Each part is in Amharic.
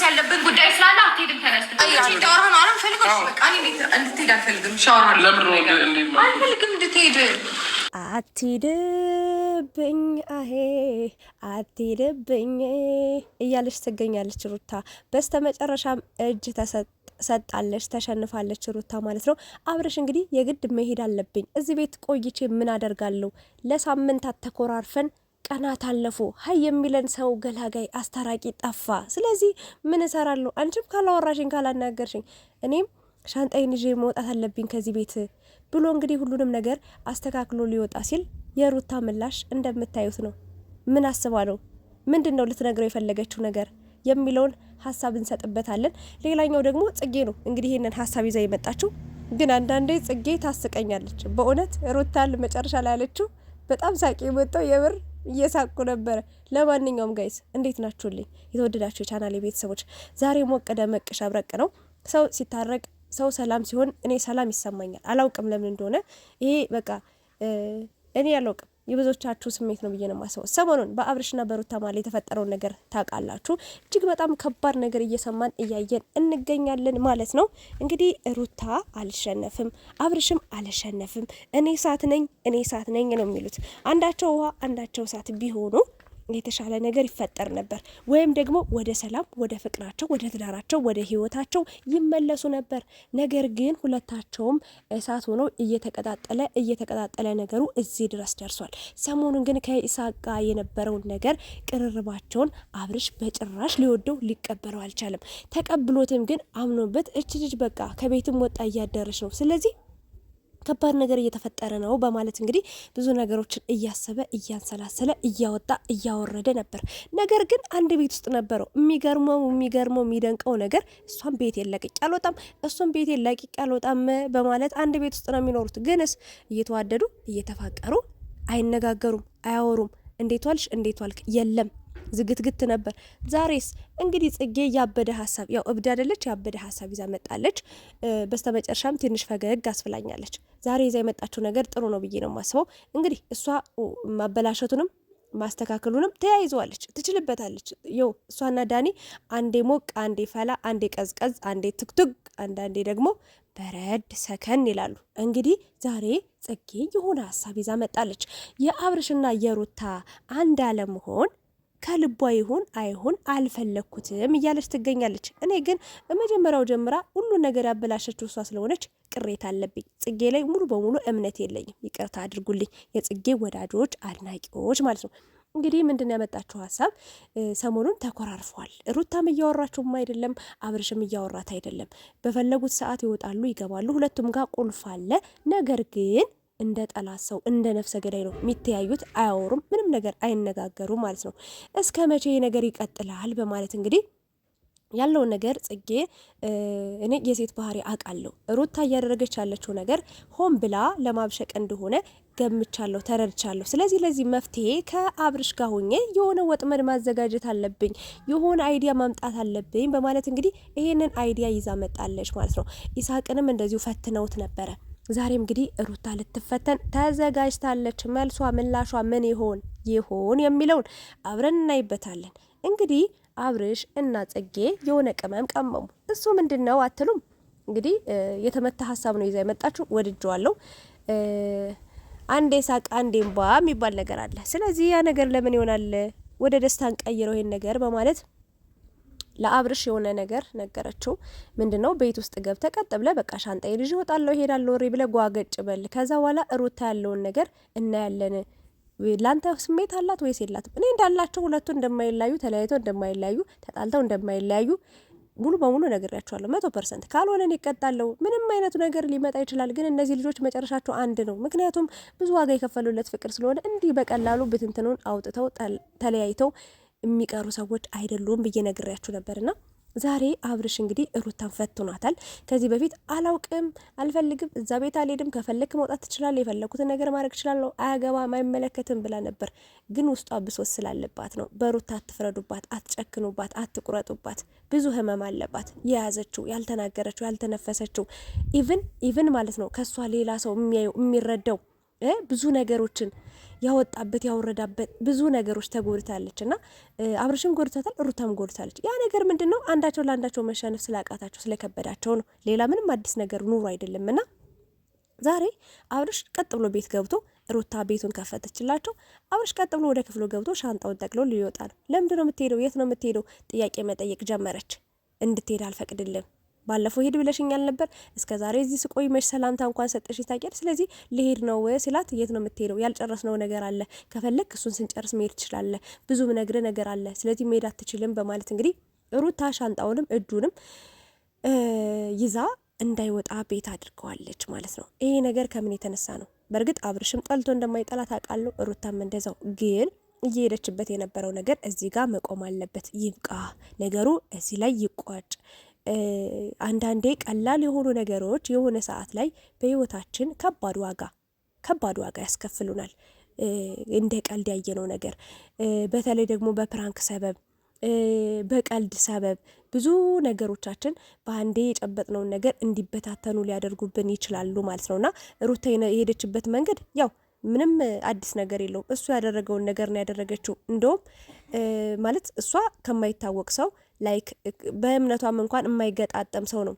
መመለስ ያለብን ጉዳይ ስላለ አትሄድም። ተነስቶ አትሄድብኝ፣ አሄ አትሄድብኝ እያለች ትገኛለች ሩታ። በስተመጨረሻም እጅ ተሰጥ ሰጣለች ተሸንፋለች፣ ሩታ ማለት ነው። አብረሽ እንግዲህ የግድ መሄድ አለብኝ፣ እዚህ ቤት ቆይቼ ምን አደርጋለሁ? ለሳምንታት ተኮራርፈን ቀናት አለፉ። ሀይ የሚለን ሰው ገላጋይ አስታራቂ ጠፋ። ስለዚህ ምን እሰራለሁ? አንቺም ካላወራሽኝ ካላናገርሽኝ እኔም ሻንጣይን ይዤ መውጣት አለብኝ ከዚህ ቤት ብሎ እንግዲህ ሁሉንም ነገር አስተካክሎ ሊወጣ ሲል የሩታ ምላሽ እንደምታዩት ነው። ምን አስባ ነው? ምንድን ነው ልትነግረው የፈለገችው ነገር የሚለውን ሀሳብ እንሰጥበታለን። ሌላኛው ደግሞ ጽጌ ነው እንግዲህ ይህንን ሀሳብ ይዛ የመጣችው። ግን አንዳንዴ ጽጌ ታስቀኛለች በእውነት ሩታል መጨረሻ ላይ ያለችው በጣም ሳቂ የመጣው የብር እየሳቁ ነበረ። ለማንኛውም ጋይስ እንዴት ናችሁልኝ? የተወደዳችሁ የቻናል ቤተሰቦች ዛሬ ሞቀ ደመቅ ሸብረቅ ነው። ሰው ሲታረቅ፣ ሰው ሰላም ሲሆን እኔ ሰላም ይሰማኛል። አላውቅም ለምን እንደሆነ ይሄ በቃ እኔ አላውቅም የብዙዎቻችሁ ስሜት ነው ብዬ ነው የማስበው። ሰሞኑን በአብርሽና በሩታ ማል የተፈጠረውን ነገር ታውቃላችሁ። እጅግ በጣም ከባድ ነገር እየሰማን እያየን እንገኛለን ማለት ነው። እንግዲህ ሩታ አልሸነፍም፣ አብርሽም አልሸነፍም፣ እኔ እሳት ነኝ እኔ እሳት ነኝ ነው የሚሉት። አንዳቸው ውሃ አንዳቸው እሳት ቢሆኑ የተሻለ ነገር ይፈጠር ነበር፣ ወይም ደግሞ ወደ ሰላም፣ ወደ ፍቅራቸው፣ ወደ ትዳራቸው፣ ወደ ህይወታቸው ይመለሱ ነበር። ነገር ግን ሁለታቸውም እሳት ሆኖ እየተቀጣጠለ እየተቀጣጠለ ነገሩ እዚህ ድረስ ደርሷል። ሰሞኑን ግን ከኢሳቅ ጋር የነበረውን ነገር ቅርርባቸውን አብርሽ በጭራሽ ሊወደው ሊቀበለው አልቻለም። ተቀብሎትም ግን አምኖበት እች ልጅ በቃ ከቤትም ወጣ እያደረች ነው ስለዚህ ከባድ ነገር እየተፈጠረ ነው በማለት እንግዲህ ብዙ ነገሮችን እያሰበ እያንሰላሰለ እያወጣ እያወረደ ነበር። ነገር ግን አንድ ቤት ውስጥ ነበረው። የሚገርመው የሚገርመው የሚደንቀው ነገር እሷም ቤት ለቅቄ አልወጣም፣ እሱም ቤቴን ለቅቄ አልወጣም በማለት አንድ ቤት ውስጥ ነው የሚኖሩት። ግንስ እየተዋደዱ እየተፋቀሩ አይነጋገሩም፣ አያወሩም። እንዴት ዋልሽ፣ እንዴት ዋልክ የለም ዝግትግት ነበር። ዛሬስ እንግዲህ ጽጌ ያበደ ሀሳብ ያው እብድ አይደለች፣ ያበደ ሀሳብ ይዛ መጣለች። በስተመጨረሻም ትንሽ ፈገግ አስብላኛለች። ዛሬ ይዛ የመጣችው ነገር ጥሩ ነው ብዬ ነው የማስበው። እንግዲህ እሷ ማበላሸቱንም ማስተካከሉንም ተያይዘዋለች፣ ትችልበታለች። ይው እሷና ዳኒ አንዴ ሞቅ፣ አንዴ ፈላ፣ አንዴ ቀዝቀዝ፣ አንዴ ትክቱግ፣ አንዳንዴ ደግሞ በረድ ሰከን ይላሉ። እንግዲህ ዛሬ ጽጌ የሆነ ሀሳብ ይዛ መጣለች። የአብርሽና የሩታ አንድ አለመሆን ከልቧ ይሁን አይሁን አልፈለግኩትም እያለች ትገኛለች። እኔ ግን መጀመሪያው ጀምራ ሁሉን ነገር ያበላሸችው እሷ ስለሆነች ቅሬታ አለብኝ። ጽጌ ላይ ሙሉ በሙሉ እምነት የለኝም። ይቅርታ አድርጉልኝ፣ የጽጌ ወዳጆች፣ አድናቂዎች ማለት ነው። እንግዲህ ምንድን ያመጣችው ሀሳብ ሰሞኑን ተኮራርፏል። ሩታም እያወራችሁም አይደለም፣ አብርሽም እያወራት አይደለም። በፈለጉት ሰዓት ይወጣሉ ይገባሉ፣ ሁለቱም ጋር ቁልፍ አለ። ነገር ግን እንደ ጠላት ሰው እንደ ነፍሰ ገዳይ ነው የሚተያዩት። አያወሩም፣ ምንም ነገር አይነጋገሩ ማለት ነው። እስከ መቼ ነገር ይቀጥላል? በማለት እንግዲህ ያለውን ነገር ጽጌ እኔ የሴት ባህሪ አውቃለሁ። ሩታ እያደረገች ያለችው ነገር ሆን ብላ ለማብሸቅ እንደሆነ ገምቻለሁ፣ ተረድቻለሁ። ስለዚህ ለዚህ መፍትሄ ከአብርሽ ጋር ሆኜ የሆነ ወጥመድ ማዘጋጀት አለብኝ፣ የሆነ አይዲያ ማምጣት አለብኝ በማለት እንግዲህ ይሄንን አይዲያ ይዛ መጣለች ማለት ነው። ኢሳቅንም እንደዚሁ ፈትነውት ነበረ። ዛሬ እንግዲህ ሩታ ልትፈተን ተዘጋጅታለች። መልሷ ምላሿ ምን ይሆን ይሆን የሚለውን አብረን እናይበታለን። እንግዲህ አብርሽ እና ጽጌ የሆነ ቅመም ቀመሙ። እሱ ምንድን ነው አትሉም? እንግዲህ የተመታ ሀሳብ ነው ይዛ የመጣችሁ። ወድጀዋለሁ። አንዴ ሳቅ አንዴ እንባ የሚባል ነገር አለ። ስለዚህ ያ ነገር ለምን ይሆናል ወደ ደስታ እንቀይረው ይሄን ነገር በማለት ለአብርሽ የሆነ ነገር ነገረችው። ምንድን ነው ቤት ውስጥ ገብተ ቀጥ ብለ በቃ ሻንጣዬ ልጅ ይወጣለሁ ይሄዳለሁ ወሬ ብለ ጓገጭ በል። ከዛ በኋላ ሩታ ያለውን ነገር እናያለን። ለአንተ ስሜት አላት ወይስ የላትም? እኔ እንዳላቸው ሁለቱ እንደማይለያዩ ተለያይተው እንደማይለያዩ ተጣልተው እንደማይለያዩ ሙሉ በሙሉ ነግሬያቸዋለሁ። መቶ ፐርሰንት ካልሆነ እኔ እቀጣለሁ። ምንም አይነቱ ነገር ሊመጣ ይችላል፣ ግን እነዚህ ልጆች መጨረሻቸው አንድ ነው። ምክንያቱም ብዙ ዋጋ የከፈሉለት ፍቅር ስለሆነ እንዲህ በቀላሉ ብትንትኑን አውጥተው ተለያይተው የሚቀሩ ሰዎች አይደሉም ብዬ ነግሬያችሁ ነበርና ዛሬ አብርሽ እንግዲህ ሩታን ፈትኗታል። ከዚህ በፊት አላውቅም፣ አልፈልግም፣ እዛ ቤት አልሄድም፣ ከፈለክ መውጣት ትችላለህ፣ የፈለኩትን ነገር ማድረግ እችላለሁ፣ አያገባም፣ አይመለከትም ብላ ነበር። ግን ውስጧ ብሶት ስላለባት ነው። በሩታ አትፍረዱባት፣ አትጨክኑባት፣ አትቁረጡባት። ብዙ ህመም አለባት የያዘችው፣ ያልተናገረችው፣ ያልተነፈሰችው ኢቭን ኢቭን ማለት ነው ከእሷ ሌላ ሰው የሚያየው የሚረዳው ብዙ ነገሮችን ያወጣበት ያወረዳበት ብዙ ነገሮች ተጎድታለች እና አብርሽም ጎድታታል፣ ሩታም ጎድታለች። ያ ነገር ምንድን ነው? አንዳቸው ለአንዳቸው መሸነፍ ስላቃታቸው ስለከበዳቸው ነው። ሌላ ምንም አዲስ ነገር ኑሮ አይደለም እና ዛሬ አብርሽ ቀጥ ብሎ ቤት ገብቶ ሩታ ቤቱን ከፈተችላቸው። አብርሽ ቀጥ ብሎ ወደ ክፍሉ ገብቶ ሻንጣውን ጠቅሎ ሊወጣ ነው። ለምንድን ነው የምትሄደው? የት ነው የምትሄደው? ጥያቄ መጠየቅ ጀመረች። እንድትሄድ አልፈቅድልም ባለፈው ሄድ ብለሽኛል ነበር እስከ ዛሬ እዚህ ስቆይ መሽ ሰላምታ እንኳን ሰጥሽ ይታያል። ስለዚህ ልሄድ ነው ስላት፣ የት ነው የምትሄደው? ያልጨረስነው ነገር አለ፣ ከፈለግ እሱን ስንጨርስ መሄድ ትችላለህ፣ ብዙ ነግር ነገር አለ፣ ስለዚህ መሄድ አትችልም በማለት እንግዲህ ሩታ ሻንጣውንም እጁንም ይዛ እንዳይወጣ ቤት አድርገዋለች ማለት ነው። ይሄ ነገር ከምን የተነሳ ነው? በእርግጥ አብርሽም ጠልቶ እንደማይጠላት ታውቃለሁ፣ ሩታም እንደዛው ግን እየሄደችበት የነበረው ነገር እዚህ ጋር መቆም አለበት። ይብቃ ነገሩ፣ እዚህ ላይ ይቋጭ። አንዳንዴ ቀላል የሆኑ ነገሮች የሆነ ሰዓት ላይ በህይወታችን ከባድ ዋጋ ከባድ ዋጋ ያስከፍሉናል። እንደ ቀልድ ያየነው ነገር በተለይ ደግሞ በፕራንክ ሰበብ በቀልድ ሰበብ ብዙ ነገሮቻችን በአንዴ የጨበጥነውን ነገር እንዲበታተኑ ሊያደርጉብን ይችላሉ ማለት ነው እና ሩታ የሄደችበት መንገድ ያው ምንም አዲስ ነገር የለውም። እሱ ያደረገውን ነገር ነው ያደረገችው። እንደውም ማለት እሷ ከማይታወቅ ሰው ላይክ በእምነቷም እንኳን የማይገጣጠም ሰው ነው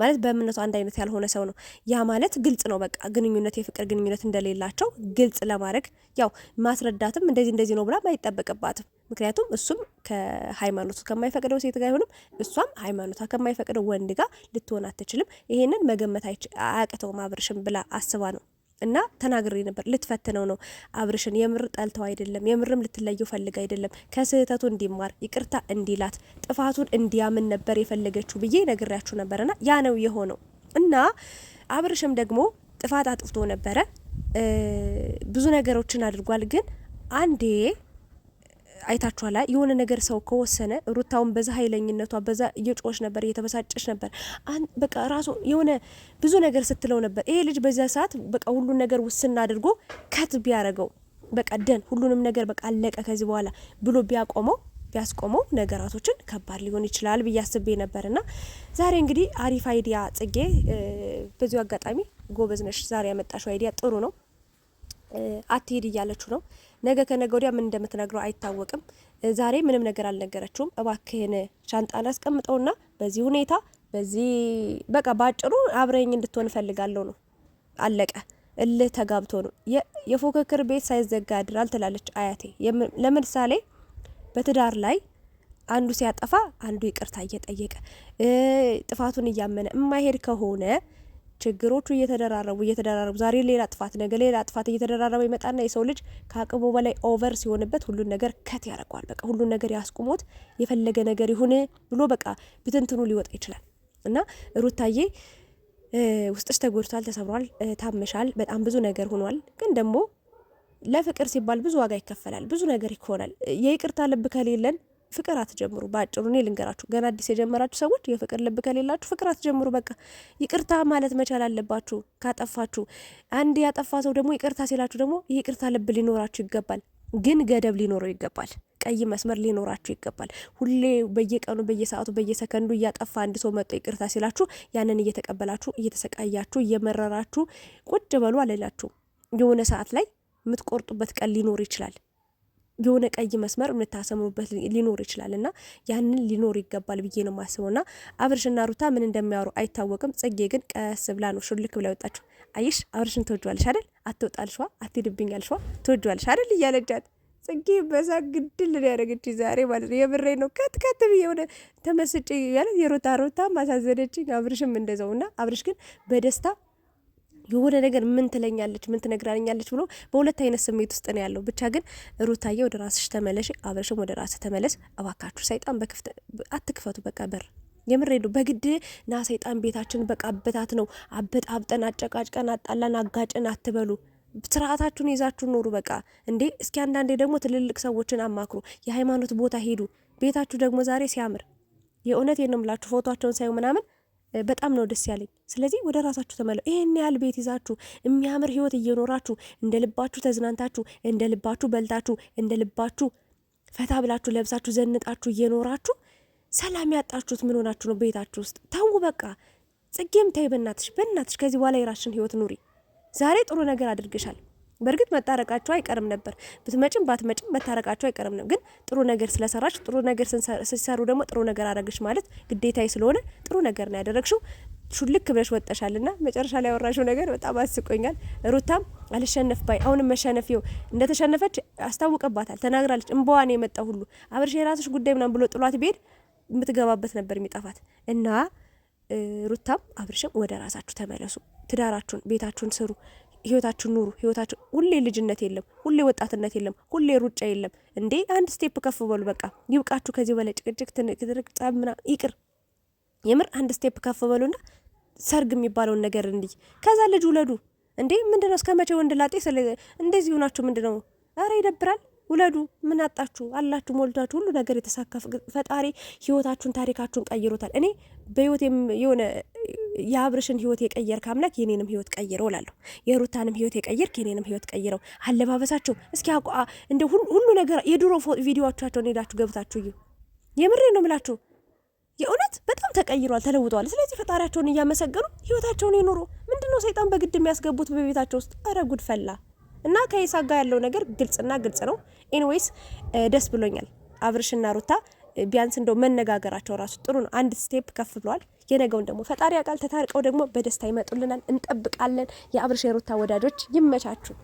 ማለት በእምነቱ አንድ አይነት ያልሆነ ሰው ነው። ያ ማለት ግልጽ ነው። በቃ ግንኙነት የፍቅር ግንኙነት እንደሌላቸው ግልጽ ለማድረግ ያው ማስረዳትም እንደዚህ እንደዚህ ነው ብላ አይጠበቅባትም። ምክንያቱም እሱም ከሃይማኖቱ ከማይፈቅደው ሴት ጋር አይሆንም፣ እሷም ሃይማኖቷ ከማይፈቅደው ወንድ ጋር ልትሆን አትችልም። ይሄንን መገመት አያቅተውም አብርሽም ብላ አስባ ነው እና ተናግሬ ነበር። ልትፈትነው ነው አብርሽን። የምር ጠልተው አይደለም፣ የምርም ልትለየው ፈልግ አይደለም። ከስህተቱ እንዲማር ይቅርታ እንዲላት ጥፋቱን እንዲያምን ነበር የፈለገችው ብዬ ነግሬያችሁ ና ያ ነው የሆነው። እና አብርሽም ደግሞ ጥፋት አጥፍቶ ነበረ፣ ብዙ ነገሮችን አድርጓል። ግን አንዴ አይታችኋላ። የሆነ ነገር ሰው ከወሰነ ሩታውን በዛ ኃይለኝነቷ በዛ እየጮች ነበር፣ እየተበሳጨች ነበር። በቃ ራሱ የሆነ ብዙ ነገር ስትለው ነበር። ይሄ ልጅ በዚያ ሰዓት በቃ ሁሉን ነገር ውስን አድርጎ ከት ቢያደረገው በቃ ደን ሁሉንም ነገር በቃ አለቀ ከዚህ በኋላ ብሎ ቢያቆመው ቢያስቆመው ነገራቶችን ከባድ ሊሆን ይችላል ብዬ አስቤ ነበር። እና ዛሬ እንግዲህ አሪፍ አይዲያ ጽጌ፣ በዚሁ አጋጣሚ ጎበዝ ነሽ። ዛሬ ያመጣሽው አይዲያ ጥሩ ነው። አትሄድ እያለችው ነው ነገ ከነገ ወዲያ ምን እንደምትነግረው አይታወቅም። ዛሬ ምንም ነገር አልነገረችውም። እባክህን ሻንጣን አስቀምጠውና በዚህ ሁኔታ በዚህ በቃ በአጭሩ አብረኝ እንድትሆን እፈልጋለሁ ነው። አለቀ። እልህ ተጋብቶ ነው። የፉክክር ቤት ሳይዘጋ ያድራል ትላለች አያቴ። ለምሳሌ በትዳር ላይ አንዱ ሲያጠፋ አንዱ ይቅርታ እየጠየቀ ጥፋቱን እያመነ የማይሄድ ከሆነ ችግሮቹ እየተደራረቡ እየተደራረቡ ዛሬ ሌላ ጥፋት ነገ ሌላ ጥፋት እየተደራረበ ይመጣና የሰው ልጅ ከአቅሙ በላይ ኦቨር ሲሆንበት ሁሉን ነገር ከት ያደርገዋል። በቃ ሁሉን ነገር ያስቁሞት የፈለገ ነገር ይሁን ብሎ በቃ ብትንትኑ ሊወጣ ይችላል እና ሩታዬ ውስጥሽ ተጎድቷል፣ ተሰብሯል፣ ታመሻል፣ በጣም ብዙ ነገር ሆኗል። ግን ደግሞ ለፍቅር ሲባል ብዙ ዋጋ ይከፈላል፣ ብዙ ነገር ይሆናል። የይቅርታ ልብ ከሌለን ፍቅር አትጀምሩ። በአጭሩ እኔ ልንገራችሁ፣ ገና አዲስ የጀመራችሁ ሰዎች የፍቅር ልብ ከሌላችሁ ፍቅር አትጀምሩ። በቃ ይቅርታ ማለት መቻል አለባችሁ ካጠፋችሁ። አንድ ያጠፋ ሰው ደግሞ ይቅርታ ሲላችሁ ደግሞ ይቅርታ ልብ ሊኖራችሁ ይገባል፣ ግን ገደብ ሊኖረው ይገባል። ቀይ መስመር ሊኖራችሁ ይገባል። ሁሌ በየቀኑ በየሰዓቱ በየሰከንዱ እያጠፋ አንድ ሰው መጥቶ ይቅርታ ሲላችሁ ያንን እየተቀበላችሁ እየተሰቃያችሁ እየመረራችሁ ቁጭ በሉ አለላችሁ። የሆነ ሰዓት ላይ የምትቆርጡበት ቀን ሊኖር ይችላል። የሆነ ቀይ መስመር የምታሰምሩበት ሊኖር ይችላል እና ያንን ሊኖር ይገባል ብዬ ነው የማስበው። እና አብርሽና ሩታ ምን እንደሚያወሩ አይታወቅም። ጽጌ ግን ቀስ ብላ ነው ሹልክ ብላ ይወጣችሁ። አይሽ አብርሽን አደል? ትወጇለሽ አይደል? አትወጣልሽዋ፣ ሸዋ ትወጇለሽ አደል እያለጃት ጽጌ በዛ ግድል ያደረገች ዛሬ ማለት ነው። የብሬ ነው ከት ብዬ ሆነ ተመስጭ ያለ የሮታ ሮታ ማሳዘነችኝ። አብርሽም እንደዛው እና አብርሽ ግን በደስታ የሆነ ነገር ምን ትለኛለች፣ ምን ትነግራኛለች ብሎ በሁለት አይነት ስሜት ውስጥ ነው ያለው። ብቻ ግን ሩታዬ ወደ ራስሽ ተመለሽ፣ አብረሽም ወደ ራስ ተመለስ። እባካችሁ ሰይጣን በክፍት አትክፈቱ። በቃ በር የምሬ በግድ ና ሰይጣን ቤታችን በቃ አበታት ነው አበጣብጠን፣ አጨቃጭቀን፣ አጣላን፣ አጋጭን አትበሉ። ስርዓታችሁን ይዛችሁ ኖሩ። በቃ እንዴ! እስኪ አንዳንዴ ደግሞ ትልልቅ ሰዎችን አማክሩ። የሃይማኖት ቦታ ሄዱ። ቤታችሁ ደግሞ ዛሬ ሲያምር የእውነት ነው ምላችሁ ፎቶቸውን ሳይሆን ምናምን በጣም ነው ደስ ያለኝ። ስለዚህ ወደ ራሳችሁ ተመለሱ። ይህን ያህል ቤት ይዛችሁ የሚያምር ህይወት እየኖራችሁ እንደ ልባችሁ ተዝናንታችሁ እንደ ልባችሁ በልታችሁ እንደ ልባችሁ ፈታ ብላችሁ ለብሳችሁ ዘንጣችሁ እየኖራችሁ ሰላም ያጣችሁት ምን ሆናችሁ ነው? ቤታችሁ ውስጥ ተው በቃ። ጽጌም ተይ በናትሽ ከዚህ በኋላ የራስሽን ህይወት ኑሪ። ዛሬ ጥሩ ነገር አድርገሻል። በእርግጥ መታረቃቸው አይቀርም ነበር። ብትመጭም ባትመጭም መታረቃቸው አይቀርም ነው። ግን ጥሩ ነገር ስለሰራች ጥሩ ነገር ሲሰሩ ደግሞ ጥሩ ነገር አረግሽ ማለት ግዴታ ስለሆነ ጥሩ ነገር ነው ያደረግሽው። ሹልክ ብለሽ ወጠሻል ና መጨረሻ ላይ ያወራሽው ነገር በጣም አስቆኛል። ሩታም አልሸነፍ ባይ አሁንም መሸነፍ ይው እንደተሸነፈች አስታውቀባታል፣ ተናግራለች። ነው የመጣ ሁሉ አብርሽ የራስሽ ጉዳይ ምናም ብሎ ጥሏት ቤድ የምትገባበት ነበር የሚጠፋት እና ሩታም አብርሽም ወደ ራሳችሁ ተመለሱ፣ ትዳራችሁን ቤታችሁን ስሩ። ህይወታችሁን ኑሩ። ህይወታችሁ ሁሌ ልጅነት የለም፣ ሁሌ ወጣትነት የለም፣ ሁሌ ሩጫ የለም። እንዴ አንድ ስቴፕ ከፍ በሉ። በቃ ይብቃችሁ። ከዚህ በላይ ጭቅጭቅ፣ ትንቅድርቅ፣ ይቅር። የምር አንድ ስቴፕ ከፍ በሉና ሰርግ የሚባለውን ነገር እንዲህ ከዛ ልጅ ውለዱ። እንዴ ምንድነው እስከ መቼ ወንድ ላጤ እንደዚህ ሆናችሁ ምንድነው? ኧረ ይደብራል። ውለዱ። ምን አጣችሁ አላችሁ? ሞልታችሁ ሁሉ ነገር የተሳካ ፈጣሪ ህይወታችሁን ታሪካችሁን ቀይሮታል። እኔ በህይወት የሆነ የአብርሽን ህይወት የቀየርክ አምላክ የኔንም ህይወት ቀይረው እላለሁ። የሩታንም ህይወት የቀየርክ የኔንም ህይወት ቀይረው። አለባበሳቸው እስኪ እንደ ሁሉ ነገር የድሮ ቪዲዮቻቸውን ሄዳችሁ ገብታችሁ እዩ። የምሬ ነው ምላችሁ፣ የእውነት በጣም ተቀይሯል፣ ተለውጠዋል። ስለዚህ ፈጣሪያቸውን እያመሰገኑ ህይወታቸውን የኖሩ ምንድነው ሰይጣን በግድ የሚያስገቡት በቤታቸው ውስጥ? አረ ጉድ ፈላ እና ከይሳ ጋር ያለው ነገር ግልጽና ግልጽ ነው። ኤኒዌይስ ደስ ብሎኛል አብርሽና ሩታ ቢያንስ እንደው መነጋገራቸው ራሱ ጥሩ ነው። አንድ ስቴፕ ከፍ ብሏል። የነገውን ደግሞ ፈጣሪ ያውቃል። ተታርቀው ደግሞ በደስታ ይመጡልናል። እንጠብቃለን። የአብርሽ የሩታ ወዳጆች ይመቻችሁ።